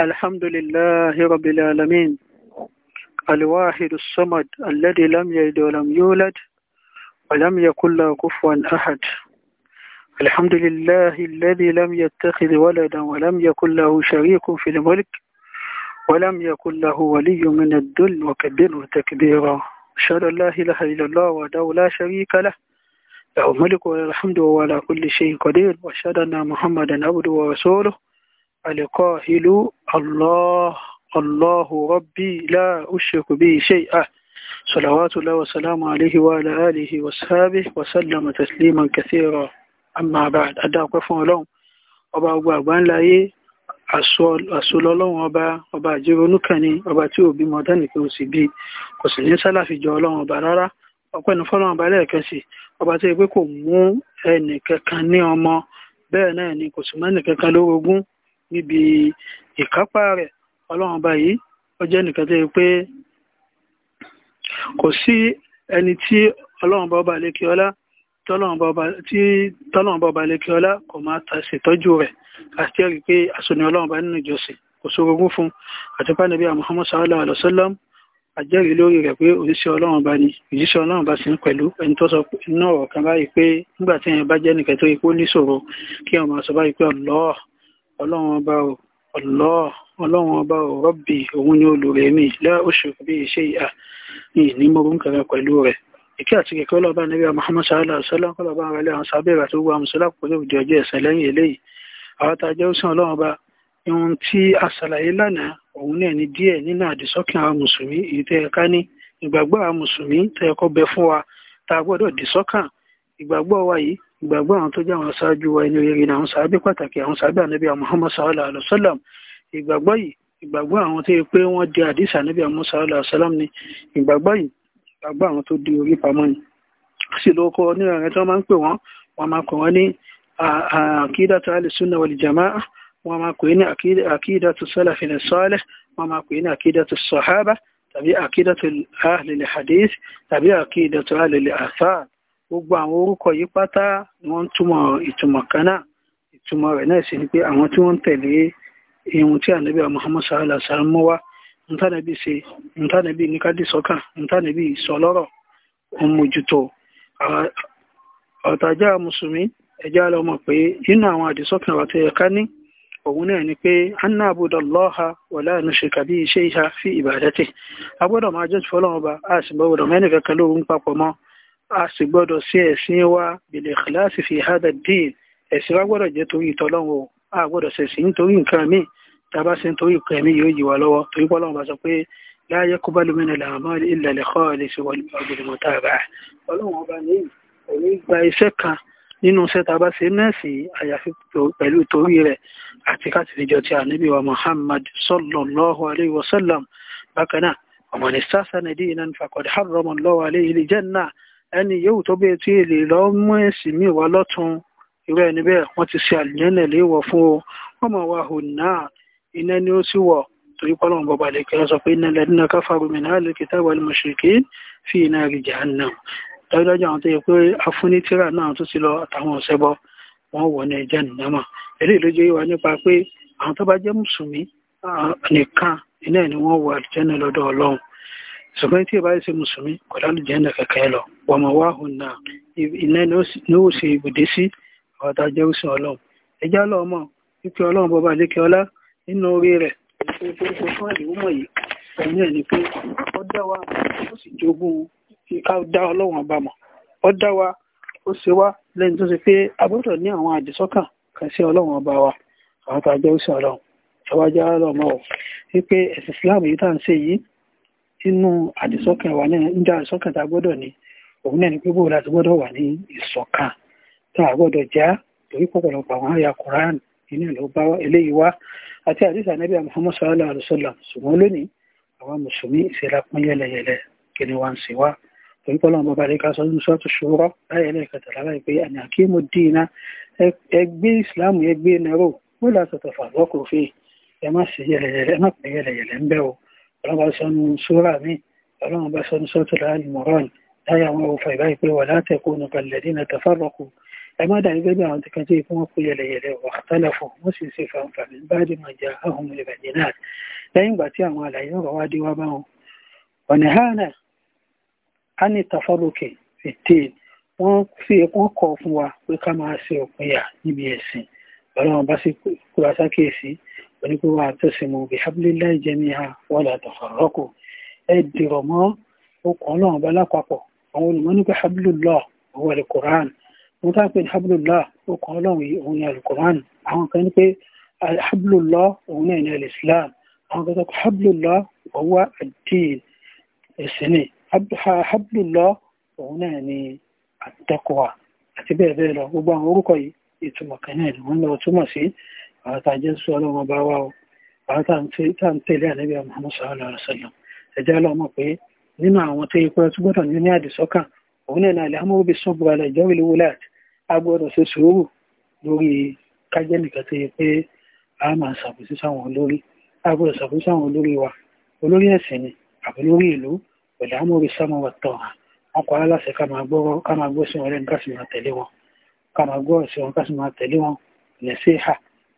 الحمد لله رب العالمين الواحد الصمد الذي لم يلد ولم يولد ولم يكن له كفوا أحد الحمد لله الذي لم يتخذ ولدا ولم يكن له شريك في الملك ولم يكن له ولي من الذل وكبره تكبيرا أشهد أن لا إله إلا الله وحده لا شريك له له الملك وله الحمد وهو على كل شيء قدير وأشهد أن محمدا عبده ورسوله القائل الله الله ربي لا أشرك به شيئا صلوات الله وسلام عليه وعلى آله وصحبه وسلم تسليما كثيرا أما بعد أدعوك فون لهم ọba gbogbo àgbà ńlá ayé àṣọ lọ́lọ́run ọba ọba àjẹronúkàn ni ọba tí òbí mọ dánìkan ò sì bí kò sì ní sálàfijọ ọlọ́run ọba rárá ọpẹ́ ní fọ́lọ́run ọba lẹ́ẹ̀kan sí ọba tó níbi ìkápá rẹ̀ ọlọ́run ọba yìí ó jẹ́ nìkan tó yẹ pé kò sí ẹni tí ọlọ́run ọba ọba lékè ọlá tí tọ́lọ́run ọba ọba lékè ọlá kò máa ta ṣètọ́jú rẹ̀ àti ẹ̀rí pé àsọ̀nì ọlọ́run ọba nínú ìjọsìn kò sórogún fún àti pàdébí Muhammad sallallahu alaihi wasallam àjẹ́rìí lórí rẹ̀ pé òjíṣẹ́ ọlọ́run bá ní òjíṣẹ́ ọlọ́run bá sì ń pẹ̀lú ẹni tó sọ náà ọ̀kan báyìí pé nígbà tí ẹ̀yìn bá jẹ́ nìkan tó yẹ kó níṣòro kí ọmọ sọ báyìí pé Allah ọlọ́run ọba ò ọ̀lọ́ ọlọ́run ọba ò rọ́bì òun ni olùrẹ̀ mi lẹ́ oṣù bí iṣẹ́ ìhà ní ìnímọ̀rún kẹrẹ pẹ̀lú rẹ̀ ìkí àti kẹ̀kẹ́ ọlọ́ba níbi Muhammad sallallahu alaihi wasallam kọlọ́ba rẹ̀ lẹ́hàn sábẹ́ rẹ̀ tó wà mùsùlá pẹ̀lú òjò ọjọ́ ẹ̀sẹ̀ lẹ́yìn eléyìí àwọn tá a jẹ́ òsìn ọlọ́run ọba ohun tí a ṣàlàyé lánàá òun náà ni díẹ̀ nínú àdìsọ́kàn àwọn mùsùlùmí èyí tẹ́ ẹ̀ka ní ìgbàgbọ́ àwọn mùsùlùmí tẹ́ ẹ̀kọ́ bẹ fún wa tá a gbọ́dọ̀ dìsọ́kàn ìgbàgbọ́ wa yìí ìgbàgbọ́ àwọn tó jẹ́ àwọn aṣáájú wa ẹni orí àwọn sàábí pàtàkì àwọn sàábí ànábì Muhammad sallallahu alaihi wasallam ìgbàgbọ́ yìí ìgbàgbọ́ àwọn tó yẹ pé wọ́n di àdìsá ànábì Muhammad sallallahu alaihi wasallam ni ìgbàgbọ́ yìí ìgbàgbọ́ àwọn tó di orí pamọ́ ni sì ló kọ ní ọ̀rẹ́ tí wọ́n máa ń pè wọ́n wọ́n máa kọ̀ wọ́n ní àkídàtà alìsúnà wal jamaa wọ́n máa pè ní àkídàtà salafin salih wọ́n máa pè ní àkídàtà sahaba tàbí àkídàtà ahlil hadith tàbí àkídàtà ahlil athar gbogbo àwọn orúkọ yìí pátá wọ́n ń túmọ̀ itumo kan náà ìtumọ̀ rẹ̀ náà sì ni pé àwọn tí wọ́n ń tẹ̀lé ihun tí ànábì Muhammad sallallahu alaihi wasallam wá ntánàbí ṣe ntánàbí níkàdí sọ́kàn ntánàbí sọlọ́rọ̀ ọmọjútó ọ̀tàjà mùsùlùmí ẹjẹ́ àlọ́ mọ̀ pé nínú àwọn àdìsọ́kàn wa tó ni pé anna fi ibadatihi agbọ́dọ̀ máa jẹ́ fọlọ́wọ́n a sì a sì gbọ́dọ̀ sí ẹ̀sìn wa bil ikhlasi fi hada din ẹ̀sìn wa gbọ́dọ̀ jẹ́ torí ìtọ́lọ́run o a gbọ́dọ̀ sẹ̀sìn nítorí nǹkan míì tàbá sí nítorí nǹkan míì yóò yí wa lọ́wọ́ torí pọ́lọ́run bá sọ pé la yaqbalu min al-a'mal illa al-khalis wal-'abd al-mutaba' ọlọ́run ọba ní òní gba iṣẹ́ kan nínú iṣẹ́ nẹ́ẹ̀sì àyàfi pẹ̀lú torí rẹ̀ àti káàtìrìjọ ti ànábì wa Muhammad sallallahu alayhi wa sallam bákan náà ọmọ ní sásánidí iná faqad harrama Allahu alayhi al-janna ẹni yòówù tó bẹ́ẹ̀ tí èlè lọ mú ẹ̀sìn míì wá lọ́tún irú ẹni bẹ́ẹ̀ wọ́n ti ṣe àlùjẹ́nẹ̀ léèwọ̀ fún o wọ́n mọ̀ wá hùn náà iná ni ó sì wọ̀ torí pọ́lọ́n bọ̀bà lè kẹ́lẹ́ sọ pé iná lẹ́dínà káfàrú mi náà lè kìtà wà lùmọ̀ ṣèké fi iná rí jahannam dájúdájú àwọn tó yẹ pé afúnitìrà náà tó ti lọ àtàwọn ọ̀sẹ̀ bọ́ wọ́n wọ̀ ní ẹjẹ́ nìyàmà eléyìí ló jẹ́ ìwà nípa pé àwọn tó bá jẹ́ mùsùlùmí nìkan iná ni wọ́n wọ àlùjẹ́nẹ̀ lọ́dọ̀ ọlọ́run ṣùgbọ́n tí ìbá ṣe mùsùlùmí kò lálù jẹ́nà kẹ̀kẹ́ lọ wọ́n mọ̀ wá hùn náà iná ni ó ṣe ibùdé sí ọ̀tá jẹ́ òsìn ọlọ́run ẹjẹ́ ọlọ́run mọ̀ wípé ọlọ́run bọ́ba lékè ọlá nínú orí rẹ̀ ìfowópamọ́ fún àdéhùnmọ̀ yìí pẹ̀lú ẹ̀ pé ó dá wa ó sì jogún ká dá ọlọ́run ọba mọ̀ ó dá wa ó ṣe wá lẹ́ni tó ṣe pé a gbọ́dọ̀ ní àwọn àdìsọ́kàn kan sí ọlọ́run ọba wa àwọn tá a jẹ́ òsìn ọlọ́run ọba jẹ́ ọlọ́run mọ̀ Islam yìí tá sínú àdìsọ́kàn wà ní ìjà àdìsọ́kàn tá a gbọ́dọ̀ ní òun náà ni pé bóòlù àti gbọ́dọ̀ wà ní ìṣọ̀kan tá a gbọ́dọ̀ já torí pọ̀pọ̀lọpọ̀ àwọn àyà Quran iná ló bá eléyìí wá àti àdìsà nàbí Muhammad sallallahu alaihi wasallam ṣùgbọ́n lónìí àwọn mùsùlùmí ìṣẹ̀lá pín yẹlẹyẹlẹ kí ni wọ́n ń ṣe wá torí pọ́lọ́ bàbá rẹ̀ ká sọ ní sọ́ọ̀tù ṣòro láyé lẹ́ẹ̀kẹta lára ìpè àmì àkíyèmó dìínà ẹgbẹ́ ìsìláàmù ẹgbẹ́ nàró wọ́n lásọ̀tọ̀ fàlọ́kùnfẹ́ ẹ má ṣe yẹlẹyẹlẹ ẹ má pẹ́ yẹlẹyẹlẹ ń bẹ́ o ọlọ́wọ́ sọ́nu sóra mi ọlọ́wọ́ bá sọ́nu sọ́tù láàrin mọ̀rán láyà wọn ò fàìbá ìpé wà látẹ̀kọ́ nù kàlẹ́dí na tafárọ̀kù ẹ má dàbí bẹ́ẹ̀ àwọn tìkan tí wọ́n kú yẹlẹyẹlẹ wàtálàfọ̀ wọ́n sì ṣe fàǹfààní bá dì máa jà áhùn ìbàjẹ́ náà lẹ́yìn ìgbà tí àwọn àlàyé ọ̀rọ̀ wá dé wá bá wọn. ọ̀nà hánà á ní tafárọ̀kì fìtín wọ́n fi wọ́n kọ̀ fún wa pé ká máa ṣe òpinya níbi ẹ̀sìn ọlọ́run bá sì kúra oníkó wa tó sì mú bí hablillahi jami'a wala tafarraqu ẹ dìrọ̀ mọ́ okùn ọlọ́run bá lápapọ̀ àwọn olùmọ́ nípa hablullah owó alukoran mo tá pé hablullah okùn ọlọ́run yìí òun ni alukoran àwọn kan ní pé hablullah òun náà ni alislam àwọn kan tó pé hablullah owó ad-din ẹ̀sìn òun náà ni at àti bẹ́ẹ̀ bẹ́ẹ̀ lọ gbogbo àwọn orúkọ yìí ìtumọ̀ àwọn tá a jẹ́ sọ ọlọ́wọ́n bá wá o àwọn tá à ń tẹ̀lé ànábì Muhammad sallallahu alaihi wasallam ẹ̀jẹ̀ ọlọ́mọ pé nínú àwọn tó yẹ pé ọtún gbọ́dọ̀ ní àdìsọ́kàn òun náà nàlẹ́ amóhùn bí sọ́ọ̀bù alẹ́ ìjọ́ ìlú wúláàt a gbọ́dọ̀ ṣe sùúrù lórí kájẹ́ nìkan tó yẹ pé a máa ṣàbùsí sáwọn olórí a gbọ́dọ̀ ṣàbùsí sáwọn olórí wa olórí ẹ̀sìn ni àbí lórí ìlú pẹ̀lú amóhùn sáwọn wa tọ̀ hàn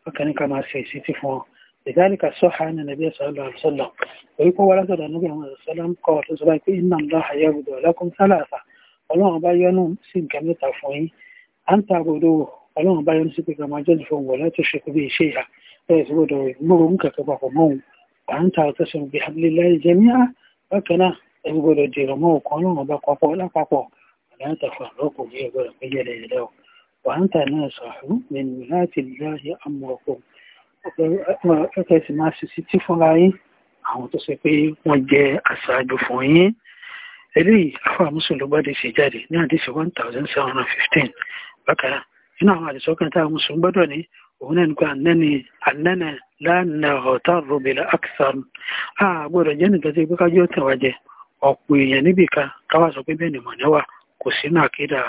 ọkàn ní ká máa ṣe ìṣítí fún ọ ìdáríkà sọ́ha ní nàbí sallallahu alaihi wasallam orí kó wọ́n látọ̀dọ̀ níbi àwọn ìṣẹ́lẹ̀ ń kọ́ tó sọ báyìí pé inna Allaha yardu lakum thalatha ọlọ́run bá yọ́nú sí nǹkan mẹ́ta fún yín à ń ta àbòdó ọlọ́run bá yọ́nú sí pé kàmá jẹ́ ìfọ̀n wọ̀ láti ṣe kó bí iṣẹ́ ìyá bẹ́ẹ̀ sí gbọ́dọ̀ rẹ̀ gbòòrò ń kẹ̀kẹ́ papọ̀ mọ́ òun à ń ta ọ̀tọ́ sọ bí hablillahi jami'a bákan náà ẹ̀rù gbọ́dọ̀ dèrò mọ́ òkan ọlọ́run bá papọ̀ lápapọ̀ ọ̀là ń tàfà lọ́kùnrin ẹ̀gbọ́dọ̀ péjẹ́ lẹ́yìn lẹ́wọ̀ وأنت ناصح من ولاة الله أمركم ẹ̀kẹ́ sì máa ṣe sí tí fúnra yín àwọn tó ṣe pé wọ́n jẹ́ aṣáájú fún yín eléyìí afáà mùsùlùmí ló bá dé ṣe jáde ní àdìsí one thousand seven hundred fifteen bákan náà nínú àwọn àdìsọ́kàn tá a mùsùlùmí gbọ́dọ̀ ní òun náà nípa ànẹ́ni ànẹ́nà lánà ọ̀tá rọ̀bìlà àkìsàn á gbọ́dọ̀ jẹ́ nìkan tí pé kájọ́ tẹ̀wá jẹ ọ̀pọ̀ èèyàn níbìkan káwá sọ pé bẹ́ẹ̀ ni mọ̀ kò sínú àkídà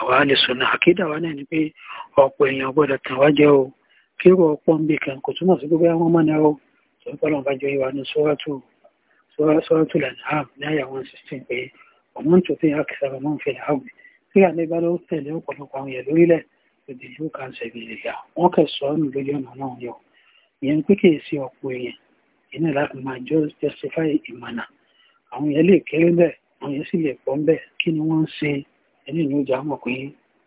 àwa lè sọ̀nà àkídà wa náà ni pé ọ̀pọ̀ èèyàn gbọ́dọ̀ tàn wá jẹ́ o kí ó ọ̀pọ̀ ń bì kan kò túmọ̀ sí gbogbo àwọn ọmọ náà o sọ pé ọlọ́run bá jọ ìwà ní sọ́rọ́tù sọ́rọ́tù lànàám ní àyà one sixteen pé ọmọ tó fi àkìsà ọmọ ń fi làágùn tí àlẹ́ bá lọ́wọ́ tẹ̀lé ọ̀pọ̀lọpọ̀ àwọn èèyàn lórílẹ̀ lòdì yóò kà ń ṣẹ̀bi ìlẹ̀yà wọ́n kẹ̀ sọ ọ́ nù lójú ọ̀nà náà yọ ìyẹn pé kì í sí ọ̀pọ̀ èèyàn ìní láti máa justify ìmọ̀nà àwọn èèyàn lè kéré bẹ́ẹ̀ àwọn èèyàn sì lè pọ̀ bẹ́ẹ̀ kí ni wọ́n ń ṣe ẹni ìlú ìjà mọ̀ pé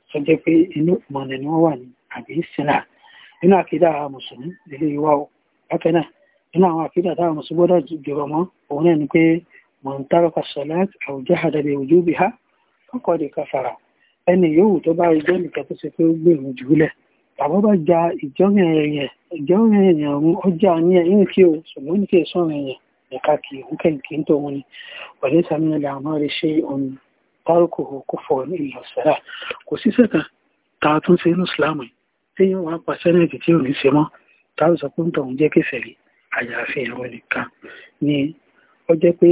sọ́jẹ́ pé inú ìmọ̀nà ni wọ́n wà ní àbí sinà nínú àkídà mùsùlùmí nílé ìwà o nínú àwọn àkídà táwọn mùsùlùmí gbọ́dọ̀ jùlọ mọ́ òun náà ni pé mọ̀ntàrọ̀kà sọ̀láàt àwùjọ àdàbí ojú bí ha kọ́kọ́ di káfàrà ẹni yòówù tó bá ìjọ nìkan tó ṣe pé ó gbèrú bá ja ìjọ́rin ìjọ́rin ọ̀run ọjà ní tárùkù kò fọ ní ìlú sẹ́rà kò sí sẹ́ka tá a tún ṣe inú ìsìlámù yìí tí yóò wá pa sẹ́nẹ̀tì tí ò ní ṣe mọ́ tá a sọ pé ń tọ̀ ń jẹ́ kẹfẹ́rí àyàfi ìrun nìkan ni ó jẹ́ pé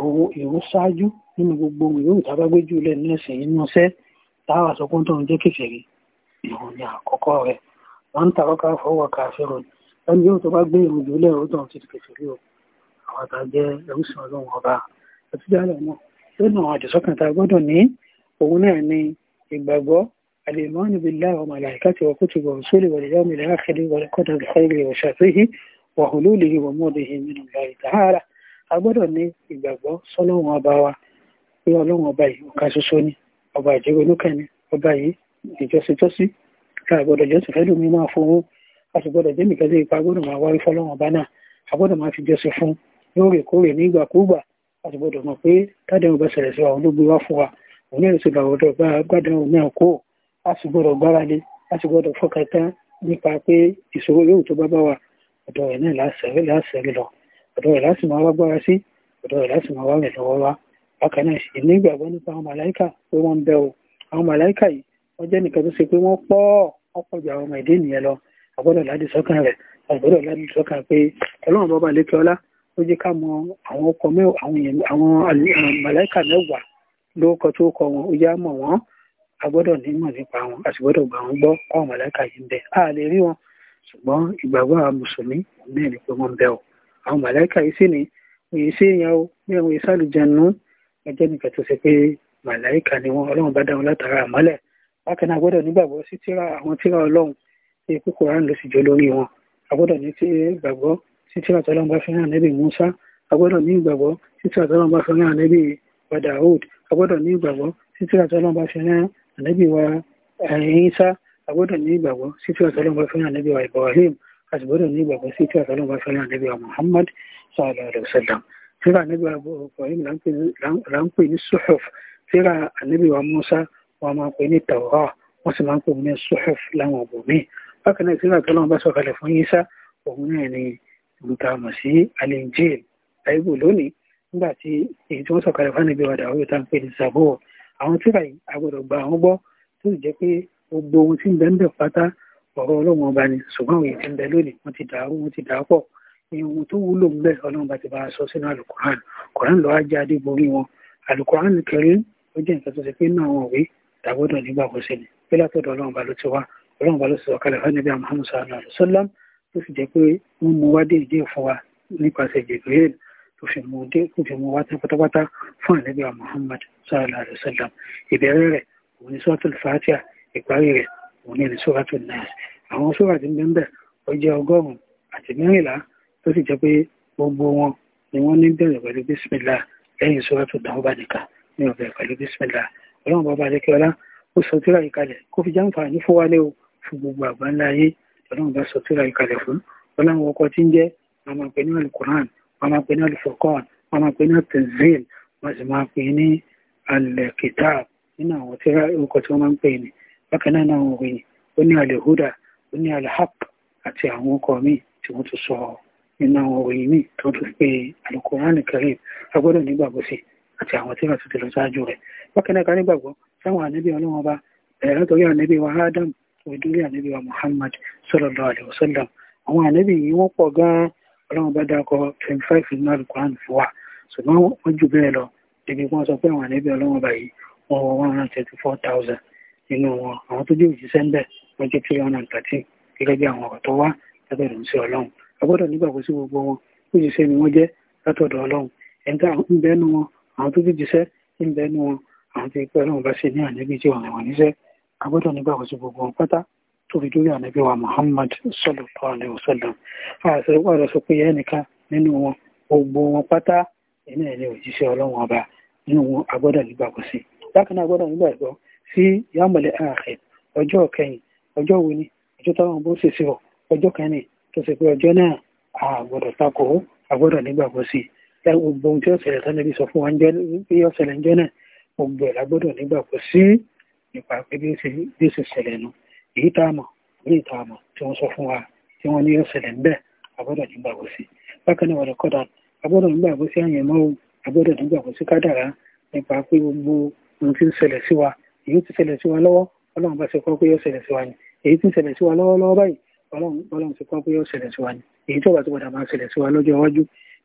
òun ìrun ṣáájú nínú gbogbo ìrun ìtàbágbéjú lẹ̀ ní ẹ̀sìn inú ọ̀sẹ̀ tá a sọ pé ń tọ̀ ń jẹ́ kẹfẹ́rí ìrun ni àkọ́kọ́ rẹ̀ wọ́n ń tàrọ́kà fọwọ́ kàfẹ́rọ̀ ẹni yóò tó bá gbé ìrun jùlẹ̀ ó tọ̀ ń ti kẹfẹ́rí o àwọn àtàjẹ́ ẹrú sí ọlọ́run ọba ẹtújáde náà nínú àwọn àdìsọ́kàn tá a gbọ́dọ̀ ní òun náà ni ìgbàgbọ́ al-imanu billahi wa malaikatihi wa kutubihi wa rusulihi wal yawmil akhir wal qadari khayrihi wa sharrihi wa hululihi wa murdihi min Allah ta'ala a gbọ́dọ̀ ní ìgbàgbọ́ sọ́lọ́wọ́n ọba wa pé ọlọ́wọ́n ọba yìí ọ̀ka ṣoṣo ni ọba ìjẹ́wé lókè ni ọba yìí ìjọsìjọsí ká gbọ́dọ̀ jọ́sìn a sì gbọdọ̀ mọ̀ pé tádéhùn bá ṣẹlẹ̀ sí wa olóògbé wá fún wa òun náà sì gbàgbọ́dọ̀ gbàdáhùn náà kó a sì gbọdọ̀ gbáradì a sì gbọdọ̀ fọkàn tán nípa pé ìṣòro yóò tó bá bá wa ọ̀dọ̀ rẹ̀ náà láṣẹ̀rí lọ ọ̀dọ̀ rẹ̀ láti máa wá gbára sí ọ̀dọ̀ rẹ̀ láti máa wá rẹ̀ lọ́wọ́ wá bákan náà sì nígbàgbọ́ nípa àwọn màláìkà pé wọ́n ń bẹ o àwọn màláìkà yìí wọ́n jẹ́ nìkan tó ṣe pé wọ́n pọ̀ ọ̀pọ̀ ó jẹ́ ká mọ àwọn ọkọ̀ mẹ́wàá àwọn èèyàn àwọn màláìkà mẹ́wàá lórúkọ tó kọ wọn ó yá mọ̀ wọ́n a gbọ́dọ̀ nímọ̀ nípa wọn a sì gbọ́dọ̀ gbà wọ́n gbọ́ kọ́ àwọn màláìkà yìí ń bẹ a lè rí wọn ṣùgbọ́n ìgbàgbọ́ àwọn mùsùlùmí náà ni pé wọ́n ń bẹ o àwọn màláìkà yìí sì ni òye sí èèyàn o bí àwọn ìsàlù jẹnu ẹjẹ́ nìkan tó ṣe pé màláìkà ni wọn ọlọ́run bá dá wọn látara àmọ́lẹ̀ bákan náà gbọ́dọ̀ nígbàgbọ́ sí tíra àwọn tíra ọlọ́run pé kókó rán ló sì jọ lórí wọn a ní tí gbàgbọ́ títí àtọ́lọ́n bá fẹ́ràn ànẹ́bì Musa agbọ́dọ̀ ní ìgbàgbọ́ títí àtọ́lọ́n bá fẹ́ràn ànẹ́bì Daud agbọ́dọ̀ ní ìgbàgbọ́ títí àtọ́lọ́n bá fẹ́ràn ànẹ́bì wa Isa agbọ́dọ̀ ní ìgbàgbọ́ títí àtọ́lọ́n bá fẹ́ràn ànẹ́bì wa Ibrahim àti gbọ́dọ̀ ní ìgbàgbọ́ títí àtọ́lọ́n bá fẹ́ràn ànẹ́bì eh, wa Muhammad sallallahu alayhi wa sallam tírà ànẹ́bì wa Ibrahim là ń pè ní suhuf tírà ànẹ́bì wa Musa wọn máa ń pè ní olùtàmọ̀ sí alinjil báíbù lónìí nígbà tí èyí tí wọ́n sọ̀kalẹ̀ fún àníbí wa dàwọ́ tá ń pè ní sàbò àwọn tíra yìí agbọ́dọ̀ gba àwọn gbọ́ tó sì jẹ́ pé gbogbo ohun tí ń bẹ ń bẹ pátá ọ̀rọ̀ ọlọ́run ọba ni ṣùgbọ́n àwọn èyí tí ń bẹ lónìí wọ́n ti dàrú wọ́n ti dà pọ̀ ohun tó wúlò ń bẹ ọlọ́run bá ti bá a sọ sínú alukuran kuran lọ́wọ́ ajá adé borí wọn alukuran kẹrin ó jẹ́ nǹkan tó ṣe pé náà wọn òwe tàgbọ́dọ̀ nígbà kó ṣe ni pé látọ̀dọ̀ ọlọ́run bá ló ti wá ọlọ́run bá ló ti sọ̀kalẹ̀ fún àníbí Muhammad sallallahu alaihi wasallam tó sì jẹ́ pé wọ́n mú wá déédéé fún wa nípasẹ̀ Jibril tó fi mú dé tó fi mú wá tán pátápátá fún ànábì wa Muhammad sallallahu alayhi wa sallam ìbẹ̀rẹ̀ rẹ̀ òun ni suratul Fatiha ìparí rẹ̀ òun ni suratul Nas àwọn sọ́ra ti ń bẹ́ẹ̀ ó jẹ́ ọgọ́rùn-ún àti mẹ́rìnlá tó sì jẹ́ pé gbogbo wọn ni wọ́n ní bẹ̀rẹ̀ pẹ̀lú bísímìlá lẹ́yìn suratul Tawba nìkan ní ọ̀bẹ̀ pẹ̀lú bísímìlá ọlọ́run bàbá ọlọ́run bá sọ tíra ìkàlẹ̀ fún ọlọ́run ọkọ̀ tí ń jẹ́ wọn máa pè ní alukuran wọn máa pè ní alufurkan wọn máa pè ní tanzil wọn sì máa pè ní alkitab nínú àwọn tíra ọkọ̀ tí wọ́n máa ń pè ní bákan náà náà wọ̀nyí ó ní alihuda ó ní alhaq àti àwọn ọkọ̀ míì tí wọ́n tún sọ nínú àwọn òyìn míì tó tún pé alukuran karim agbọ́dọ̀ nígbàgbọ́ sí àti àwọn tíra tó ti lọ sáájú rẹ̀ bákan náà òdúrí ànábì wa Muhammad sallallahu alaihi wasallam àwọn ànábì yìí wọ́n pọ̀ gan-an ọlọ́run bá dákọ twenty five nínú alukuran fún wa ṣùgbọ́n wọ́n jù bẹ́ẹ̀ lọ ibi wọ́n sọ pé àwọn ànábì ọlọ́run bá yìí wọ́n wọ one hundred thirty four thousand nínú wọn àwọn tó jẹ́ òjíṣẹ́ ń bẹ̀ wọ́n jẹ́ three hundred and thirteen gẹ́gẹ́ bí àwọn ọ̀rọ̀ tó wá látọ̀dọ̀ ń sí ọlọ́run agbọ́dọ̀ nígbàgbọ́ sí gbogbo wọn òjíṣẹ́ ni wọ́n jẹ́ látọ̀dọ̀ ọlọ́run ẹni tá wọn àwọn tó jẹ́ òjíṣẹ́ ń wọn àwọn tó jẹ́ pé ọlọ́run bá ṣe ní ànábì tí wọ́n rẹ̀ wọ́n níṣẹ́ agbọ́dọ̀ nígbàgbọ́ sí gbogbo pátá tó fi dórí wa Muhammad sallallahu alaihi wasallam àṣẹ wàdà sọ pé ẹnìkan nínú wọn gbogbo wọn pátá iná ẹni òjíṣẹ́ Ọlọ́run ọba nínú wọn agbọ́dọ̀ nígbàgbọ́ sí bákan náà agbọ́dọ̀ nígbàgbọ́ sí yàmọlẹ ààrẹ ọjọ́ kẹyìn ọjọ́ wo ni ọjọ́ táwọn bó ṣe sí ọ ọjọ́ kẹni tó ṣe pé ọjọ́ náà àgbọ́dọ̀ takò agbọ́dọ̀ nígbàgbọ́ sí gbogbo ohun tí ọ̀sẹ̀ rẹ̀ tán níbi sọ fún wa ń jẹ́ bí ọ̀sẹ̀ rẹ̀ ń jẹ́ náà gbogbo ẹ̀ lágbọ́dọ̀ nípa pé bí ó ṣe bí ó ṣe ṣẹlẹ̀ nu èyí tá a mọ̀ èyí tá a mọ̀ tí wọ́n sọ fún wa tí wọ́n ní ó ṣẹlẹ̀ ń bẹ̀ agbọ́dọ̀ ní gbàgbọ́ sí bákan náà wọ̀lẹ̀ kọ́dà agbọ́dọ̀ ní gbàgbọ́ sí àyẹ̀mọ́ o agbọ́dọ̀ ní gbàgbọ́ sí kádàrá nípa pé gbogbo ohun tí ń ṣẹlẹ̀ sí wa èyí tí ṣẹlẹ̀ sí wa lọ́wọ́ ọlọ́run bá ṣe kọ́ pé yóò ṣẹlẹ̀ sí wa ni èyí tí ṣẹlẹ̀ sí wa lọ́wọ́lọ́wọ́ báyìí ọlọ́run ti kọ́ pé yóò ṣẹlẹ̀ sí wa ni èyí tó bá ti padà máa ṣẹlẹ̀ sí wa lọ́jọ́ iwájú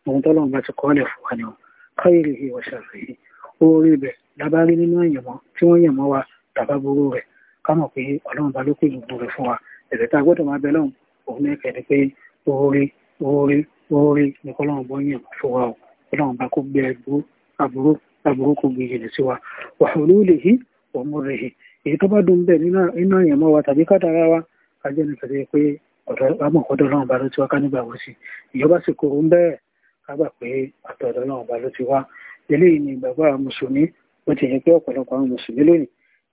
ohun tọ́lọ́run bá ti kọ́ lẹ̀ fún wa ni o káyèrè ìwọ̀ṣàfẹ́ orí ibẹ̀ lábárí nínú àyẹ̀mọ́ tí wọ́n yẹ̀mọ́ wa bàbá buru rẹ̀ ká pé ọlọ́run bá lókè gbogbo rẹ̀ fún wa ẹ̀ṣẹ̀ tá a gbọ́dọ̀ máa bẹ lọ́hùn òun náà kẹ́ni pé oore oore oore ni kọ́lọ́run bọ́ yàn fún wa o kọ́lọ́run bá kó gbé aburú aburú kó gbé jìnnà sí wa lè hí èyí tó bá dùn nínú àyàn wa tàbí kádàrá wa ajẹ́ pé ọ̀dọ́ ọlọ́run bá ló ti wá ká nígbà sí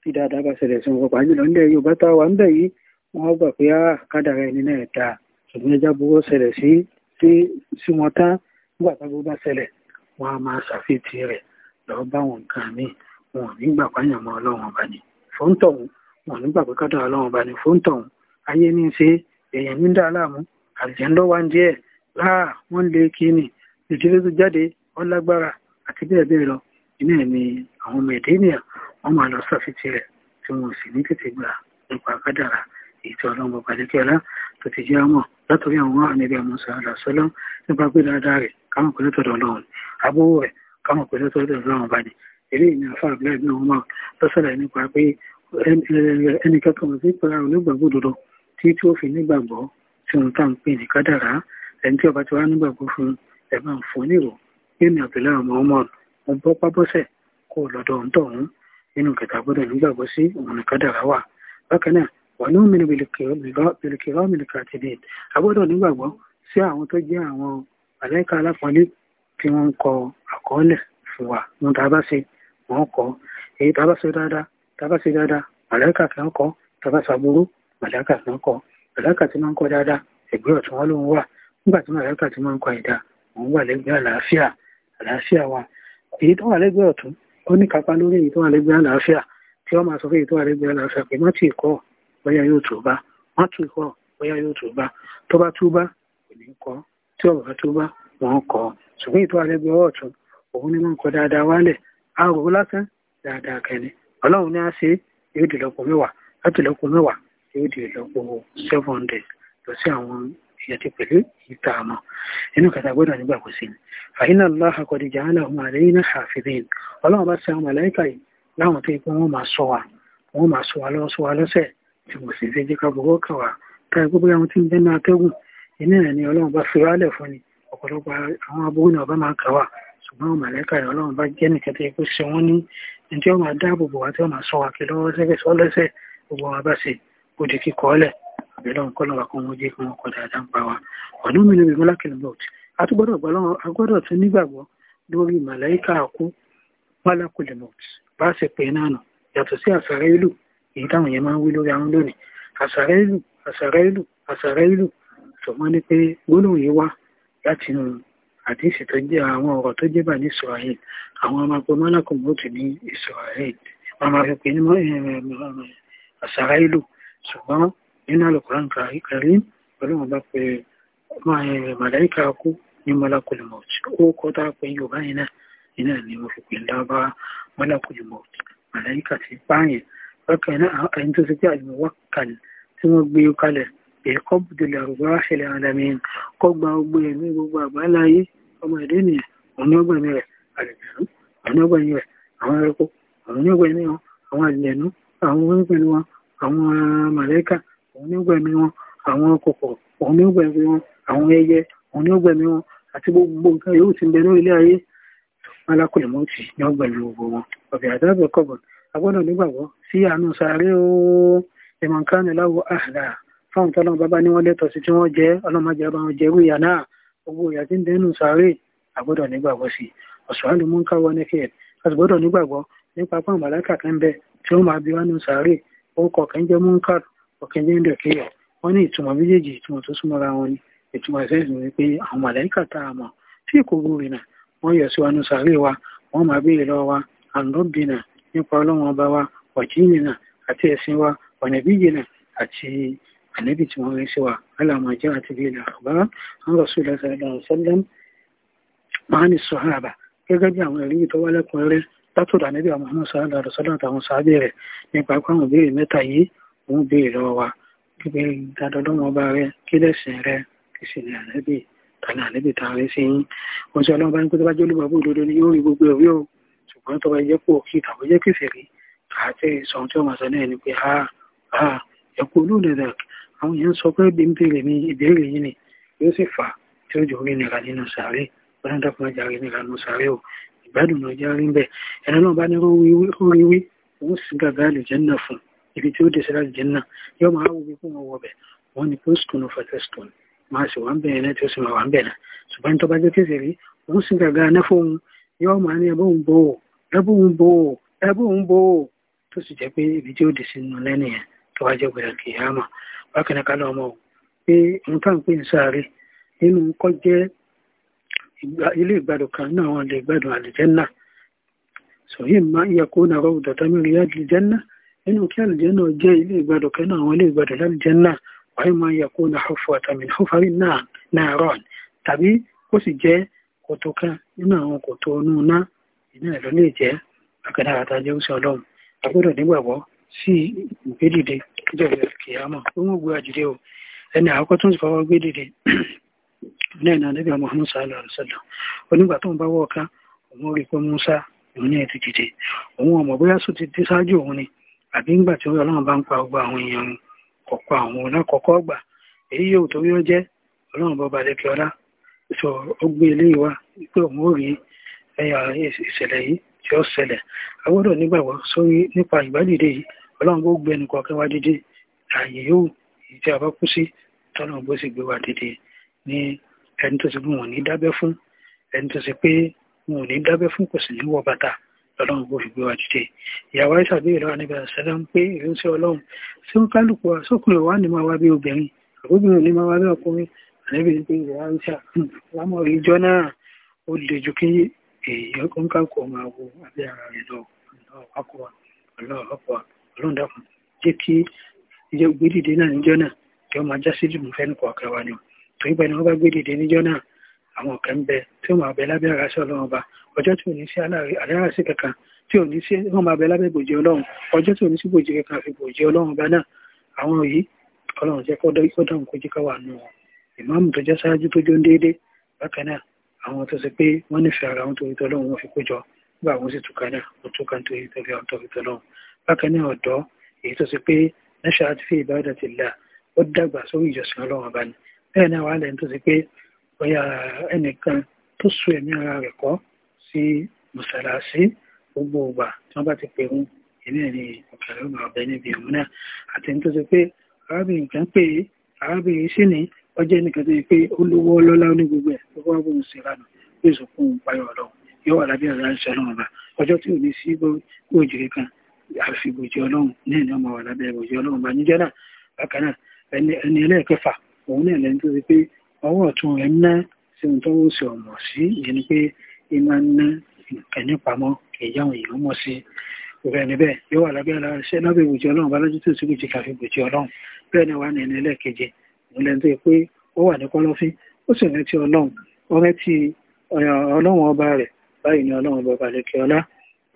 tí dáadáa bá ṣẹlẹ̀ sí wọn pàápàá jùlọ nílẹ̀ Yorùbá tá a wà ń bẹ̀ yìí wọ́n gbà pé á kádàrá ẹni náà dáa ṣùgbọ́n ẹja burú ṣẹlẹ̀ sí sí wọn tán nígbà tábó bá ṣẹlẹ̀ wọ́n á máa ṣàfihàn rẹ̀ lọ́ọ́ bá wọn nǹkan míì wọn ò ní gbà pààyàn mọ́ Ọlọ́run ọba ni fóńtọ̀hún wọn ò pé kádàrá Ọlọ́run ọba ni fóńtọ̀hún ayé ní ṣe èèyàn ní dá láàmú àlùjẹ́ ń ni wọ́n máa lọ sọ́ọ̀fì tirẹ̀ tí wọn ò sì ní tètè gbà nípa kádàrà èyí tí ọlọ́run bọ̀ balẹ̀kẹ́lá tó ti jẹ́ ọmọ látọ̀rí àwọn àníbẹ̀ musa alasọ́lá nípa pé dáadáa rẹ̀ káwọn pẹ̀lú tọ̀dọ̀ ọlọ́run abówó rẹ̀ káwọn pẹ̀lú tọ̀dọ̀ ọlọ́run bá ní eré ìní afá abúlé ìbí ọmọ lọ́sọ̀rọ̀ nípa pé ẹnì kẹ́kọ̀ọ́ sí pẹ̀lú onígbàgbọ́ dodo tí tí ó fi nígbàgbọ́ tí òun táwọn pè ní kádàrá ẹni tí ọba ti wá nígbàgbọ́ fún ẹ̀ máa ń fún nírò pé ní àbẹ̀lẹ̀ ọmọ ọmọ ọgbọ́pá bọ́sẹ̀ kó lọ́dọ̀ ọ̀hún nínú kẹta gbọ́dọ̀ nígbàgbọ́ sí òun ni kádàrá wà bákan náà wà ní òmìnira bìlìkìrọ mìlìkà àti bẹ́ẹ̀ agbọ́dọ̀ nígbàgbọ́ sí àwọn tó jẹ́ àwọn àlẹ́kà alápọ̀nlé tí wọ́n kọ àkọọ́lẹ̀ fún wa wọn tá a bá ṣe wọn kọ èyí tá a bá ṣe dáadáa tá a bá ṣe dáadáa màlẹ́kà kan kọ tá a bá ṣàbúrú màlẹ́kà kan kọ màlẹ́kà tí wọ́n ń kọ dáadáa ẹgbẹ́ ọ̀tún wọn ló ń wà nígbà tí màlẹ́kà tí wọ́n kọ ìdá òun wà lẹ́gbẹ́ àlàáfíà àlàáfíà wa èyí tó wà lẹ́gbẹ́ ọ̀tún ó ní kápá lórí èyí tó wà lẹ́gbẹ̀ẹ́ àlàáfíà tí wọ́n máa sọ fún èyí tó wà lẹ́gbẹ̀ẹ́ àlàáfíà pé má tì kọ́ bóyá yóò tó bá má tì kọ́ bóyá yóò tó bá tó bá túbá kò ní kọ́ tí ọ̀rọ̀ bá túbá wọ́n kọ́ ṣùgbọ́n èyí tó wà lẹ́gbẹ̀ẹ́ ọ̀tún òun ni wọ́n kọ́ dáadáa wálẹ̀ àrò lásán dáadáa kẹ́ni ọlọ́run ní á ṣe yóò dìlọ́pọ̀ mẹ́wàá láti mẹ́wàá yóò dìlọ́pọ̀ seven hundred lọ sí àwọn àti pẹ̀lú ìta àmọ́ inú kàtà gbọ́dọ̀ nígbà kò sí ni fàyínà Allaha qad ja'alahum alayna hafidhin ọlọ́run bá ṣe àwọn màláìkà yìí láwọn tó ipò wọn máa sọ wa wọn máa sọ wa lọ́wọ́ sọ wa lọ́sẹ̀ tí mo sì fẹ́ jẹ́ ká gbogbo kà wá ká ẹ gbogbo àwọn tí ń bẹ́ náà tẹ́gùn iná ẹ̀ ni ọlọ́run bá fi wálẹ̀ fún ni ọ̀pọ̀lọpọ̀ àwọn abúrú àbẹ̀lẹ̀ ọ̀kọ́ náà kọ́ wọn jẹ́ kí wọ́n kọ́ dáadáa ń bá wa ọ̀dún mi lóbi mọ́lákìlì bọ́ọ̀t àtúgbọ́dọ̀ gbọ́lọ́wọ́ agbọ́dọ̀ tún nígbàgbọ́ lórí màláìka àkú mọ́lákìlì bọ́ọ̀t bá ṣe pé náà nù yàtọ̀ sí àṣàrẹ́ ìlú èyí táwọn yẹn máa ń wí lórí àwọn lónìí àṣàrẹ́ ìlú àṣàrẹ́ ìlú ni pé gbólóhùn àṣàrẹ́ ìlú ṣùgbọ́n nínú Al-Qur'an Karim pẹ̀lú wọn bá pé màláìka kú ní Malakul Maut ó kọ́ tá a pé Yorùbá yìí náà iná ni mo fi pè lábá Malakul Maut màláìka ti pààyàn bákan náà ẹni tó ti pé al-Muwakkal tí wọ́n gbé e kalẹ̀ ẹ̀kọ́ bùdùlẹ̀ àrùbá ṣẹlẹ̀ àdàmì kọ́gbà ọgbẹ́ ẹ̀mí gbogbo àgbáláyé ọmọ ẹ̀dẹ́ nìyẹn òun ní ọgbà ẹ̀mí rẹ̀ àlejò àwọn ní ọgbà ẹ̀mí rẹ̀ àwọn ẹranko àwọn ní ọgbà ẹ̀mí wọn àwọn àlejò àwọn onípẹ̀lú wọn àwọn màlẹ́kà òun ní gbẹ̀mí wọn àwọn kòkòrò òun ní gbẹ̀mí wọn àwọn ẹyẹ òun ní gbẹ̀mí wọn àti gbogbo nǹkan yòówù tí ń bẹ lórí ilé ayé alákùnrin mọ́tì ní ọgbẹ̀mí gbogbo wọn ọ̀bẹ̀ àdábẹ̀ kọ̀bọ̀ agbọ́dọ̀ nígbàgbọ́ sí àánú sàárẹ̀ o ìmọ̀nkánì láwo àhàlà fáwọn tó lọ́wọ́ bábá ní wọ́n lẹ́tọ̀ sí tí wọ́n jẹ́ ọlọ́mọdé bá wọn jẹ́ wíyà náà gbogbo ìyà tí ń dẹnu sàárẹ̀ agbọ́dọ̀ nígbàgbọ́ sí ọ̀sán ló mú ń káwọ́ ní kí ẹ̀ àti gbọ́dọ̀ nígbàgbọ́ nípa pọ́n màláìkà kan bẹ tí ó máa bí wọn nù sàárẹ̀ orúkọ kan jẹ́ mú ń kàrọ̀ ọ̀kẹ́ jẹ́ńdẹ̀ kéyọ̀ ya, ní ìtumọ̀ méjèèjì ìtumọ̀ tó súnmọ́ra wọn ni ìtumọ̀ ìfẹ́sì ni pé àwọn màláìkà tá a mọ̀ tí kò gbúre nà wọ́n yọ sí wa nù sàárè wa wọ́n máa béèrè lọ́wọ́ wa àǹdọ́bìnà nípa ọlọ́run wa àti ẹ̀sìn wa ọ̀nàbíyìnà àti ànábì tí wọ́n rí sí wa alàmọ̀ jẹ́ àti bí ilẹ̀ àkùbá sí ń béèrè lọ́wọ́ wa pípẹ́ ìdádọ́dọ́mọ bá rẹ kí lẹ́sìn rẹ kí sì ní àlẹ́bí tàbí àlẹ́bí tààrẹ sí yín wọ́n sọ ọlọ́run bá ní pé tó bá jẹ́ olùgbàgbọ́ òdodo ni yóò rí gbogbo ẹ̀rí o ṣùgbọ́n tó bá jẹ́ pò kí tàbí jẹ́ kìfẹ́ rí àti ìsọ̀n tí ó sọ náà ni pé ha ha ẹ̀kú olóòdẹ̀dà àwọn èèyàn sọ pé bí ń béèrè mi ìbéèrè yìí ni yóò sì fà tí ó jọ orí nira nínú sàárè bọ́lá dàpọ̀ ọjà rí nira nínú sàárè o ìgbádùn ọjà rí ń bẹ̀ ẹ̀rọ náà bá ní orí wí òun sì gàgà àlùjẹ́ náà fún ibi tí ó dé síra jẹ́nà yóò máa wo bí fún wọn wọbẹ̀ wọn ni postcone fatestone máa sì wà ń bẹ̀rẹ̀ náà tí ó sì máa wà ń bẹ̀rẹ̀ ṣùgbọ́n tó bá jẹ́ tẹ̀sẹ̀ rí òun sì gàgà anáfóhun yóò máa ní ẹbóhun bò ó ẹbóhun bò ó ẹbóhun bò ó tó sì jẹ́ pé ibi tí ó dé sí inú lẹ́nu yẹn tó wá jẹ́ gbèrè kì í hàmà bákan ká lọ́mọ o pé òun táwọn pè ń sáré nínú kọ́ jẹ́ ilé ìgbádùn kan náà wọn lè gbádùn àlùjẹ́nà sòyí máa ń yẹ kó nàró dọ̀tọ́ mi rí àlùjẹ́nà nínú kí àlùjẹ́ náà jẹ́ ilé ìgbàdọ̀ kẹ́nà àwọn ilé ìgbàdọ̀ lálùjẹ́ náà wáyé máa ń yẹ kó na ọ̀fọ̀ àtàmìn ọ̀fọ̀rí náà náà rọ̀n tàbí ó sì jẹ́ kòtò kan nínú àwọn kòtò inú ná ìná ẹ̀rọ lè jẹ́ àkàdá àtàjẹ́ ó sì ọlọ́run agbọ́dọ̀ nígbàgbọ́ sí ìgbédìde kíjọ kìyàmọ̀ ó mú gbé àjùdé o ẹni àkọ́kọ́ tó ń fọwọ́ gbédìde náà ní ẹ̀ ti dìde àbí ńgbà tí orí ọlọ́run bá ń pa gbogbo àwọn èèyàn kọ̀ọ̀kọ́ àwọn olákọ̀ọ́kọ́ gbà èyí yóò torí ó jẹ́ ọlọ́run bọ́ba lẹ́kẹ́ ọlá sọ ó gbé eléyìí wá pé òun ó rí ìṣẹ̀lẹ̀ yìí tí ó ṣẹlẹ̀ agbọ́dọ̀ nígbàgbọ́ sórí nípa ìgbàdìde yìí ọlọ́run bó gbé ẹnì gbé wá dídé ní ẹni tó ti gbé wọn dábẹ́ fún ẹni tó ti pé lọ́lọ́run kò fi gbé wa dìde ìyàwó àìsàn bí ìlọ́wà níbi àṣẹlẹ̀ ń pé ìlú sí ọlọ́run tí ó kálukú wa sókùnrin wa ní máa wá bí obìnrin àbóbìnrin ní máa wá bí ọkùnrin àlẹ́bí ní pé ìyàwó àìsàn lámọ̀ ìjọ náà ó lè ju kí èèyàn kó ń kálukú ọmọ àwo àbí ara rẹ̀ lọ ọlọ́ọ̀pọ̀ ọlọ́ọ̀pọ̀ ọlọ́run dákun jẹ́ kí ìjọ gbé dìde náà níjọ náà àwọn kan bẹ tí wọn abẹ lábẹ́ àràṣẹ Ọlọ́run ọba ọjọ́ tí ò ní sí àdáraṣẹ kankan tí ò ní sí wọn máa bẹ lábẹ́ bòjì Ọlọ́run ọjọ́ tí ò ní sí bòjì kankan àfi bòjì Ọlọ́run ọba náà àwọn yìí Ọlọ́run jẹ kó dáhùn kó jí ká wà nù wọn ìmáàmù tó jẹ sáájú tó jó ń déédé bákan náà àwọn tó ṣe pé wọn nífẹ̀ẹ́ ara wọn torí tọlọ́run wọn fi kó jọ nígbà wọn sì túká náà wọn túká torí àwọn tó fi bákan náà ọ̀dọ́ èyí tó ṣe pé nẹṣà àti fi ìbádàtì là ó dàgbà sórí ìjọsìn Ọlọ́run ọba ni bẹ́ẹ̀ náà wàá lẹni tó ṣe pé bóyá ẹnìkan tó so ẹ̀mí ara rẹ̀ kọ́ sí mọ́sálásí gbogbo ìgbà tí wọ́n bá ti pè wọ́n ilé ẹ̀rí ọ̀kẹ́rẹ́ ọ̀nà ọ̀bẹ níbi òun náà àti ní tó ṣe pé arábìnrin kan pè é arábìnrin sì ní ọjọ́ ẹnìkan tó yẹ pé ó lówó ọlọ́lá ní gbogbo ẹ̀ tó wá bóun ṣe lánàá yóò sọ fún un payọ̀ ọlọ́run wà lábẹ́ ọ̀rá ń sọ̀rọ̀ ọ̀bà ọjọ́ tí ò ní sí bójìrì kan àfi bòjì ọlọ́run náà ni ọmọ wà lábẹ́ bòjì ọlọ́run bá níjẹ́ náà bákan náà ẹni ẹlẹ́ẹ̀kẹfà òun náà lẹ́ni tó ṣe pé ọwọ́ ọ̀tún rẹ̀ ń sí ohun tó ń ṣe ọ̀mọ̀ sí ìyẹn ni pé ẹ máa ń ná nǹkan nípamọ́ ẹ̀yà àwọn èèyàn mọ̀ sí ìrẹ́ níbẹ̀ yóò wà lábẹ́ ara ṣẹ́ lábẹ́ ìbòjì ọlọ́run bá tó sì bòjì kàfi ìbòjì ọlọ́run bẹ́ẹ̀ ni wà ní ẹni ẹlẹ́ẹ̀keje òun lẹ́nu tó yẹ pé ó wà ní kọ́lọ́fín ó sì rántí ọlọ́run ó ọlọ́run ọba rẹ̀ báyìí ni ọlọ́run ọba balẹ̀ ọlá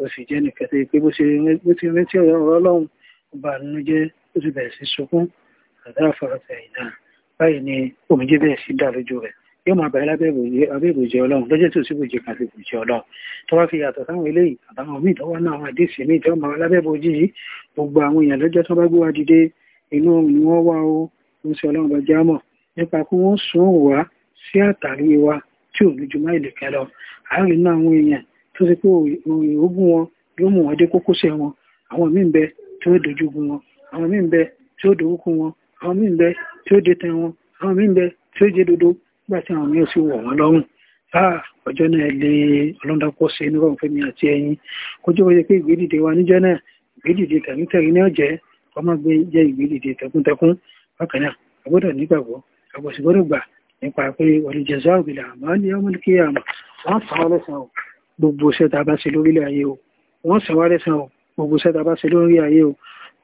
ó sì jẹ́ nìkan tó yẹ pé bó ṣe rántí ọlọ́run ọba nínú jẹ́ ó sì bẹ̀rẹ̀ sí sunkún àdáfọ́rọ́fẹ́ ìdáhùn báyìí ni omijé bẹ́ẹ̀ sí dà rẹ̀ yóò máa bẹ̀rẹ̀ lábẹ́ ìbòjì ọlọ́run lọ́jọ́ tí ò sí kan sí ìbòjì ọlọ́run tó wá fi yàtọ̀ sáwọn eléyìí àtàwọn míì tó wá náà àwọn àdéṣe míì tó máa lábẹ́ ìbòjì yìí gbogbo àwọn èèyàn lọ́jọ́ tó bá gbé wa dìde inú oòrùn ni wọ́n wá o ń sọ ọlọ́run bá jámọ̀ nípa kí wọ́n sún wá sí àtàrí wa tí ò lójú má ìlẹ̀kẹ́ lọ àárín náà tí ó dé tẹ wọn àwọn míì bẹ tí ó jẹ dodo nígbà tí àwọn míì ò sì wọ̀ wọ́n lọ́rùn báà ọjọ́ náà lé ọlọ́dàpọ̀ ṣe ní ọ̀rùn fẹ́mi àti ẹ̀yìn kó jẹ́ wọ́n yẹ pé ìgbédìde wa níjọ́ náà ìgbédìde tẹ̀ríntẹ̀rín ní ọ̀jẹ́ ọmọ gbé jẹ́ ìgbédìde tẹkúntẹkún bákan náà agbọ́dọ̀ nígbàgbọ́ àgbọ̀sí gbọ́dọ̀ gbà nípa pé olùjẹ́sà òbílà àmọ́ ní ọmọ kí àmọ́ wọ́n sàn wọ́n lẹ́sàn o gbogbo iṣẹ́ bá ṣe lórílẹ̀ ayé o wọ́n sàn wọ́n lẹ́sàn o gbogbo iṣẹ́ bá ṣe lórí ayé o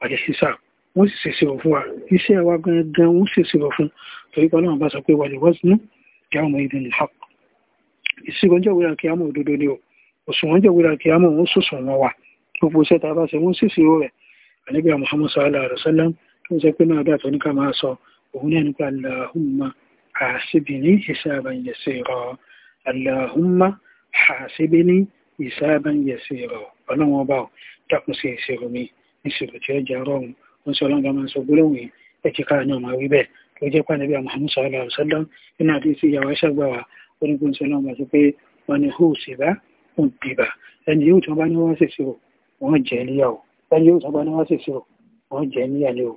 wàlẹ̀ sísà wọ́n sì ṣèṣirò fún wa iṣẹ́ wa gangan wọ́n ṣèṣirò fún torí pé ọlọ́run bá sọ pé wà lè wọ́sùn kí àwọn ìdí ní hàp ìṣirò wíra kí á mọ̀ òdodo ni o òṣùwọ̀n wíra kí á mọ̀ wọ́n sòsùn wọn wà gbogbo iṣẹ́ tá bá ṣe wọ́n ṣèṣirò rẹ̀ àlẹ́bíà muhammad sallallahu alaihi wa sallam tó ń sọ pé náà dàtọ̀ ní máa sọ òun náà nípa allahumma hasibini hisaban ń sọ ọlọ́run bá máa ń sọ gbólóhùn yìí ẹ ti káà náà máa wí bẹ́ẹ̀ ló jẹ́ pàdé bí i Muhammad sallallahu alaihi wasallam nínú àti sí ìyàwó ẹ̀ṣẹ̀ gbà wá ó ní gbóhùn sọ pé wọn ni hóò sì bá ń bìbà ẹni yóò tí bá ní wọn sì sí o wọn níyà o ẹni yóò tí bá ní wọn sì sí o wọn níyà ni o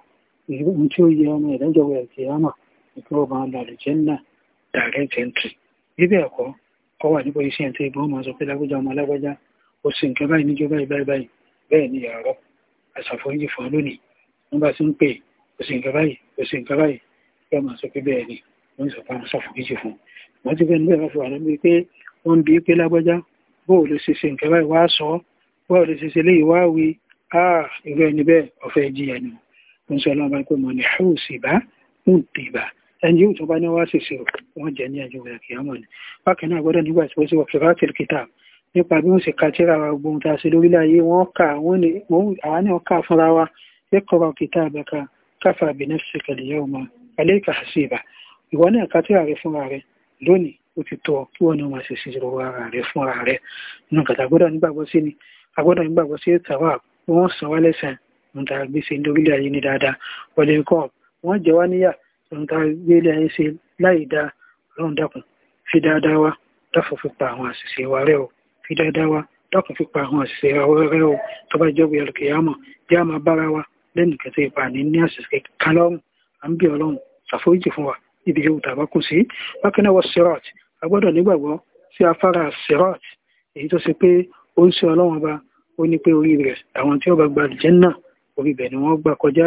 ìlú tí ó yẹ ọmọ ìdájọ́ wẹ̀ ti hàmà ìpínlẹ̀ ọba àlùjẹ́ náà direct entry bíbẹ̀ ẹ̀kọ́ kọ́ wà nípa iṣẹ́ ẹ̀ tí ìbọn máa sọ pé lágbájá ọmọ lágbájá ó sì nǹkan báyìí níjọba ìbáyìí báyìí bẹ́ẹ̀ ni yàrá àṣàforíjì fún lónìí nígbà tí ń pè kò sí nǹkan báyìí kò sí nǹkan báyìí kí a máa sọ pé bẹ́ẹ̀ ni wọ́n sọ fún sọ́fù méjì fún wọ́n ti fẹ́ẹ́ níbẹ̀ fún àlọ́ pé wọ́n ń bi pé lágbájá bóò lè ṣe ṣe nǹkan báyìí wá sọ bóò lè ṣe ṣe léyìí wá wí á ah, ìwé ẹni bẹ́ẹ̀ ọ̀fẹ́ jìyà ni wọ́n sọ lọ́wọ́ báyìí pé mọ̀ ní ṣùsì bá ń tìbà ẹni yóò tó bá ní wá ṣèṣe wọ́n jẹ́ ní ẹjọ́ ìrẹ̀ ni bákan náà gbọ́dọ̀ nígbà tí wọ́n ṣe wọ̀pẹ̀ bá tẹ̀lé kìtà nípa bí wọ́n ṣe ka tíra wa gbóhun ta sí lórílẹ̀ ayé wọ́n kà wọ́n ní àwọn náà kà fúnra wa اقرأ كتابك كفى بنفسك اليوم عليك حسيبا ìwọ náà ka tí ààrẹ fúnra rẹ lónìí ó ti tọ́ kí wọ́n ní wọ́n ṣe ṣe ìrora ààrẹ fúnra rẹ nínú kàtà gbọ́dọ̀ nígbàgbọ́ sí ni agbọ́dọ̀ nígbàgbọ́ sí tàwa wọ́n san wá lẹ́sàn ohun tá a gbé ṣe lórílẹ̀ ayé ní dáadáa wọlé kọ́ wọ́n jẹ wá níyà ohun tá a gbé ilé ayé ṣe láì dáa ọlọ́run dákun fi dáadáa wá dáfọ̀ fi pa àwọn àṣìṣe wa rẹ o lẹ́nu kẹtẹ ìpàdé ní àṣìṣe kan lọ́rùn à ń bí ọlọ́run ṣàforíjì fún wa ibi yóò tàbá kù sí bákan náà wọ sirat a gbọ́dọ̀ nígbàgbọ́ sí afárá sirat èyí tó ṣe pé ó ń ṣe ọlọ́run ọba ó ní pé orí rẹ̀ àwọn tí ó bá gba àlùjánnà orí bẹ̀ ni wọ́n gbà kọjá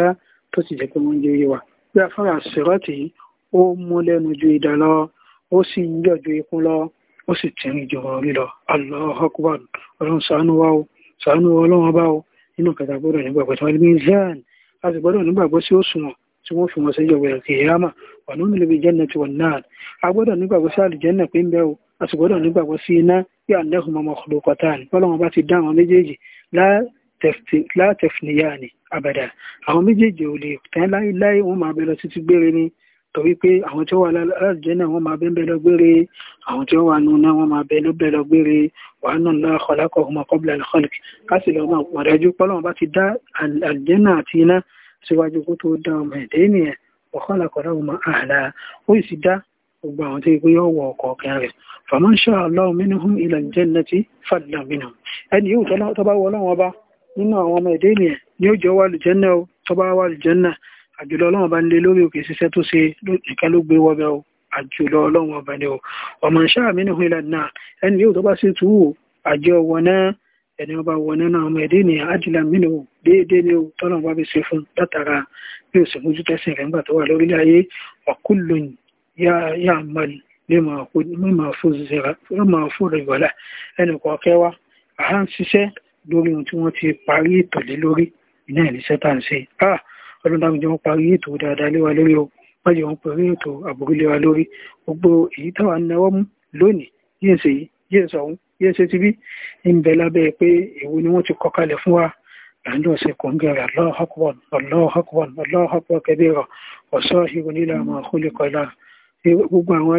tó sì jẹ́ pé wọ́n ń jẹ́ yé wa bí afárá sirat yìí ó mú lẹ́nu ju idà lọ ó sì yọ̀ ju ikún lọ ó sì tìrìn ju ọ̀rí lọ Allahu Akbar ọlọ́run ṣàánú wa o ṣàánú ọlọ́run ọba o nínú kẹta gbọ́dọ̀ nígbàgbọ́ tí wọ́n ní zan a sì gbọ́dọ̀ nígbàgbọ́ sí òṣùwọ̀n tí wọ́n fi wọ́n sí ìjọba ìkìyàmà wà nínú ibi jẹ́nà tí wọ́n náà a gbọ́dọ̀ nígbàgbọ́ sí àlùjẹ́nà pé ń bẹ́ o a sì gbọ́dọ̀ nígbàgbọ́ sí iná bí àndẹ́hùn mọ́mọ́ kọ̀tán bọ́lọ́wọ́n bá ti dá àwọn méjèèjì látẹ̀fìnìyà ni àbàdà àwọn méjèèjì ò lè tán láéláé wọ́n máa bẹ lọ títí gbére ni torí pé àwọn tí ó wà láàjẹ́ náà wọ́n máa bẹ́ ń bẹ́ lọ gbére àwọn tí ó wà nù náà wọ́n máa bẹ́ ló bẹ́ lọ gbére wàá nù lọ ọ̀kọ̀lákọ̀ ọmọ kọ́bílà lọ́kọ̀lẹ̀kì káṣí lọ máa pọ̀ dájú pọ́lọ́wọ́n bá ti dá àjẹ́ náà àti iná síwájú kó tó dá ọmọ ẹ̀dẹ́ ènìyàn ọ̀kọ̀lákọ̀lá ọmọ àhàlà ó sì dá gbogbo àwọn tó yẹ àjùlọ ọlọ́run ọba nílé lórí òkè ṣiṣẹ́ tó ṣe nìkan ló gbé wọ́bẹ̀ o àjùlọ ọlọ́run ọba ni o ọmọ ṣáà mí nìkan ìlànà náà ẹni yóò tó bá sì tú wò àjọ wọn náà ẹni ọba wọn náà ọmọ ẹdẹ ní àdìlà mí ni o déédéé ni o tọ́lọ́run bá fi ṣe fún látara bí o sì mójú tẹ́sìn rẹ̀ nígbà tó wà lórílẹ̀ ayé ọ̀kúlùn yá mọ́lì ní màá fò rẹ̀ wọ́lá ẹnì kọ̀ọ̀kẹ́ wa ṣiṣẹ́ lórí ohun tí wọ́n ti parí ìtọ̀lé lórí ìnáyẹ̀ ọlọ́dàmì jẹ́ wọ́n parí ètò dáadáa léwa lórí o wọ́n jẹ́ wọ́n parí ètò àbúrú léwa lórí gbogbo èyí táwa náwó mú lónìí yíyẹn ṣe yìí yíyẹn ṣe ọ̀hún yíyẹn ṣe ti bí ń bẹ lábẹ́ pé èwo ni wọ́n ti kọ kalẹ̀ fún wa làǹdí ọ̀sẹ̀ kòǹgẹ̀rẹ̀ Allahu akbar Allahu akbar Allahu akbar kẹbíra ọ̀sọ́ ìrònílà àmọ́ àkólẹ́kọ̀ọ́lá gbogbo àwọn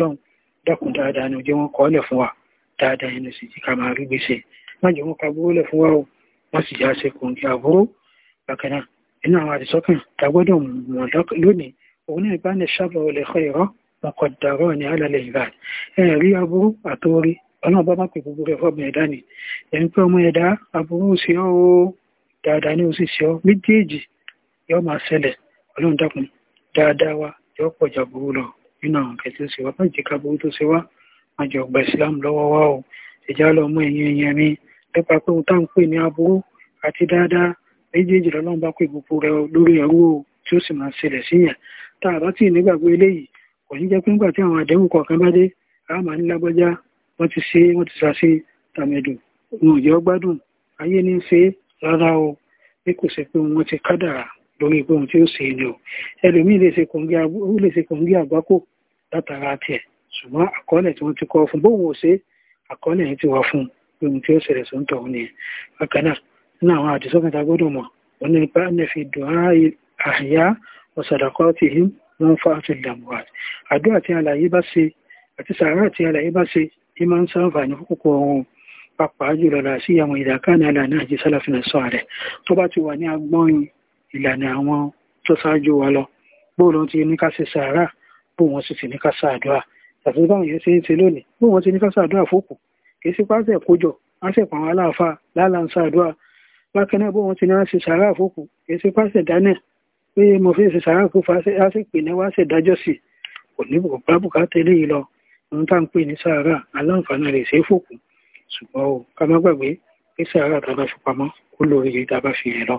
ẹ̀ ní dákun dáadáa ni òjẹ́ wọn kọ́lẹ̀ fún wa dáadáa ẹnu sì ti ká máa rí gbèsè má jẹ́ wọn ka búrú lẹ̀ fún wa o wọ́n sì já ṣe kòǹgì àbúrú bákan náà inú àwọn àdìsọ́kàn tá a gbọ́dọ̀ mọ̀ lónìí òun náà bá ní sábà olè kọ́ ìrọ́ wọn kọ̀ dàrọ́ ní alálẹ̀ ìgbà ẹ rí aburú àtórí ọlọ́run bá má pè gbogbo rẹ̀ fọ́ọ̀mù ẹ̀dá ni ẹni pé ọmọ ẹ̀dá aburú sí ọ́ o dáadáa ní oṣù sí ọ́ méjèèjì yóò máa ṣẹlẹ̀ ọlọ́run dákun dáadáa wa yóò pọ̀ jàbúrú lọ nínú àwọn nǹkan tí ó ṣe wá má jẹ́ kábọ̀ tó ṣe wá má jẹ́ ọgbà islam lọ́wọ́ wá o ìjà lọ mú ẹ̀yìn ẹ̀yìn mi nípa pé òun táwọn pè ní aburú àti dáadáa méjèèjì lọ́lọ́run bá pè gbogbo rẹ lórí ẹrú o tí ó sì máa ṣẹlẹ̀ síyàn tá a bá tì nígbàgbọ́ eléyìí kò ní jẹ́ pé nígbà tí àwọn àdéhùn kọ̀ọ̀kan bá dé àmà ní lágbájá wọ́n ti ṣe wọ́n ti ṣàṣe tàmẹ̀dù wọn ò jẹ́ ọgbádùn ayé ní ṣe rárá o bí kò ṣe pé wọ́n ti kádàrà lórí pé ohun tí ó ṣe ni o ẹlòmíì lè ṣe kòǹgí àgbákò látara tiẹ̀ ṣùgbọ́n àkọọ́lẹ̀ tí wọ́n ti kọ́ fún bóun ò ṣe àkọọ́lẹ̀ yẹn ti wà fún pé ohun tí ó ṣẹlẹ̀ sí ń tọ̀ ni bákan náà nínú àwọn àdìsọ́kàn tá a gbọ́dọ̀ mọ̀ wọn ní bá ní fi dùn àyà ọ̀sàdàkọ́ ti hí wọn fa àti ìdàmúwà àdúrà tí àlàyé bá ṣe àti sàárà tí ìlànà àwọn tó ṣáájú wa lọ bóun ló ti ní ká ṣe sàárà bóun wọ́n sì ti ní ká ṣàdúrà àti báwọn yẹn ṣe ń ṣe lónìí bóun wọ́n ti ní ká ṣàdúrà fòkù kì í sí pàṣẹ kójọ pàṣẹ pàwọn aláàfà lálà ń ṣàdúrà bákan náà bóun ti ní ká ṣe sàárà fòkù kì í sí pàṣẹ dánẹ pé mo fi ṣe sàárà fòkù á sì pè ní wá ṣe dájọ́ sí kò ní bá bùkátà eléyìí lọ ohun tá à ń pè ní sàárà aláǹfààní rẹ̀ ṣe fòkù ṣùgbọ́n ká má gbàgbé pé sàárà tá a bá fi pamọ́ kó lóore yìí tá a bá fi yẹn lọ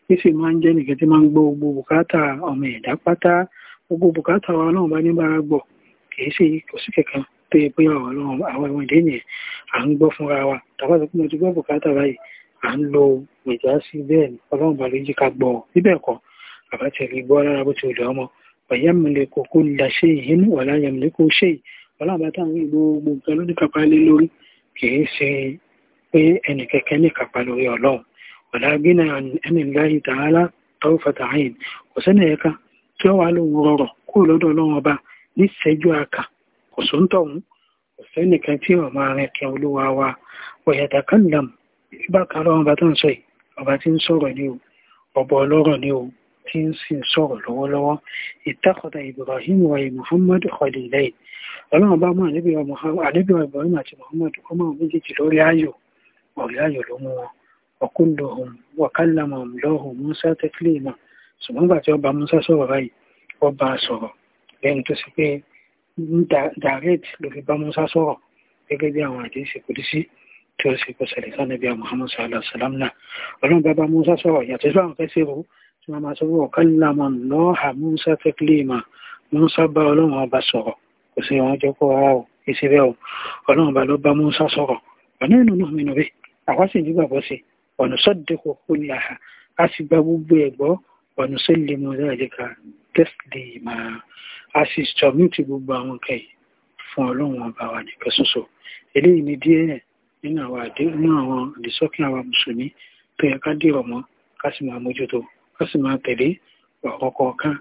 ní sì máa ń jẹ́ nìkan tí máa ń gbọ́ gbogbo bùkátà ọmọ ẹ̀dá pátá gbogbo bùkátà wa náà bá ní bára gbọ́ kì í ṣe kò sí kankan tó yẹ pé àwọn ọlọ́run àwọn ẹ̀wọ̀n ìdí nìyẹn à ń gbọ́ fúnra wa tàbá tó kún mo ti gbọ́ bùkátà báyìí à ń lo ìjà sí bẹ́ẹ̀ ni ọlọ́run bá ló jí ká gbọ́ síbẹ̀ kọ́ àbá ti rí gbọ́ lára bó ti wù lọ́mọ ọ̀yẹ́mìlẹ̀ kòkó la ṣe ìhínú ọ̀la yẹmìlẹ̀ kò ṣe ọlọ́run bá táwọn wàlá gínà ẹni láyé tààlà tọ́fàtà àyìn kò sẹ́nà ẹ̀ka tí ó wà lóhun rọrọ̀ kó lọ́dọ̀ ọlọ́run ọba ní ìṣẹ́jú àkà kò sóńtọ̀hún kò sẹ́nìkan tí ó máa rìn kí olúwa wa wọ̀yàtà kánìlàm ìbákan ọlọ́run ọba tó ń sọ yìí ọba tí ń sọ̀rọ̀ ní o ọba ọlọ́rọ̀ ní o tí ń sì ń sọ̀rọ̀ lọ́wọ́lọ́wọ́ ìtàkọ̀tà Ibrahim wa Muhammad khalilain ọlọ́run ọba mọ́ àlébíwá Ibrahim àti Muhammad ọmọ méjèèjì lórí ayò ọ̀rẹ́ ayò ló mú wọn ọkùnlọ̀hùn wàkálàmọ̀ lọ́hùn Musa tẹ́kílìmọ̀ ṣùgbọ́n gbà tí ọba Musa sọ̀rọ̀ báyìí ọba sọ̀rọ̀ lẹ́nu tó sì pé direct ló fi bá Musa sọ̀rọ̀ gẹ́gẹ́ bí àwọn àdé ìsìnkúdí sí tí ó sì kó ṣẹlẹ̀ sánà bí Muhammad sallallahu alaihi wasallam náà ọlọ́run bá bá Musa sọ̀rọ̀ yàtọ̀ sí àwọn fẹ́sẹ̀ rú tí wọ́n máa sọ wọ́n kálàmọ̀ Musa tẹ́kílìmọ̀ Musa bá ọlọ́run ọba sọ̀rọ̀ kò sí wọn jẹ́ kó rárá o ìṣẹ́bẹ̀ o ọlọ́run bá ló bá Musa sọ̀rọ̀ ọ̀nà ìnú náà mi bẹ́ẹ̀ àwọn sì nígbàgbọ́ sí i ọ̀nà sọ́dẹ̀kọ̀ kó ní àhà a sì gba gbogbo ẹ̀gbọ́ ọ̀nà sọ́lẹ̀ mọ́ dáadéka tẹ́sílẹ̀ máa a sì sọ̀mìtì gbogbo àwọn nǹkan fún ọlọ́run ọba wa nìkan ṣoṣo eléyìí ni díẹ̀ nínú àwọn àdéhùn nínú àwọn àdìsọ́kìn àwa mùsùlùmí tó yẹ ká dìrọ̀ mọ́ ká sì máa mójútó ká sì máa tẹ̀lé ọ̀kọ̀ọ̀kan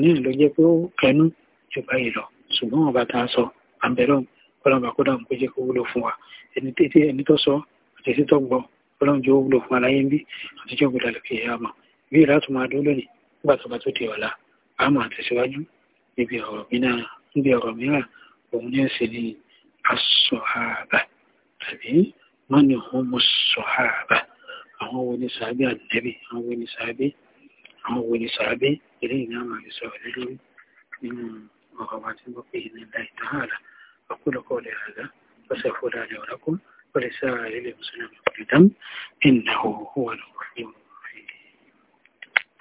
ní ìlú jẹ́ pé ó kẹnu jù báyìí lọ ṣùgbọ́n ọba tá a sọ àbẹ̀rọ̀ kọ́lọ́mà kódà kó jẹ́ kó wúlò fún wa ẹni tó sọ àti títọ́ gbọ́ ọlọ́run jẹ́ òwúlò fún aláyé a bí àtijọ́ gbọdọ̀ lókè ẹ̀yà àmọ́ bí ìlà tó máa dúró lónìí nígbà tó bá tó di ọ̀la àmọ́ àtẹ̀síwájú níbi ọ̀rọ̀ mìíràn níbi ọ̀rọ̀ mìíràn a ní ẹ̀sẹ̀ ní asọ̀háàbà tàbí mọ́ni òun mọ̀ sọ̀háàbà àwọn ni sàábé ànẹ́bì àwọn wo ni sàábé ni sàábé eléyìí expresa el en la bueno,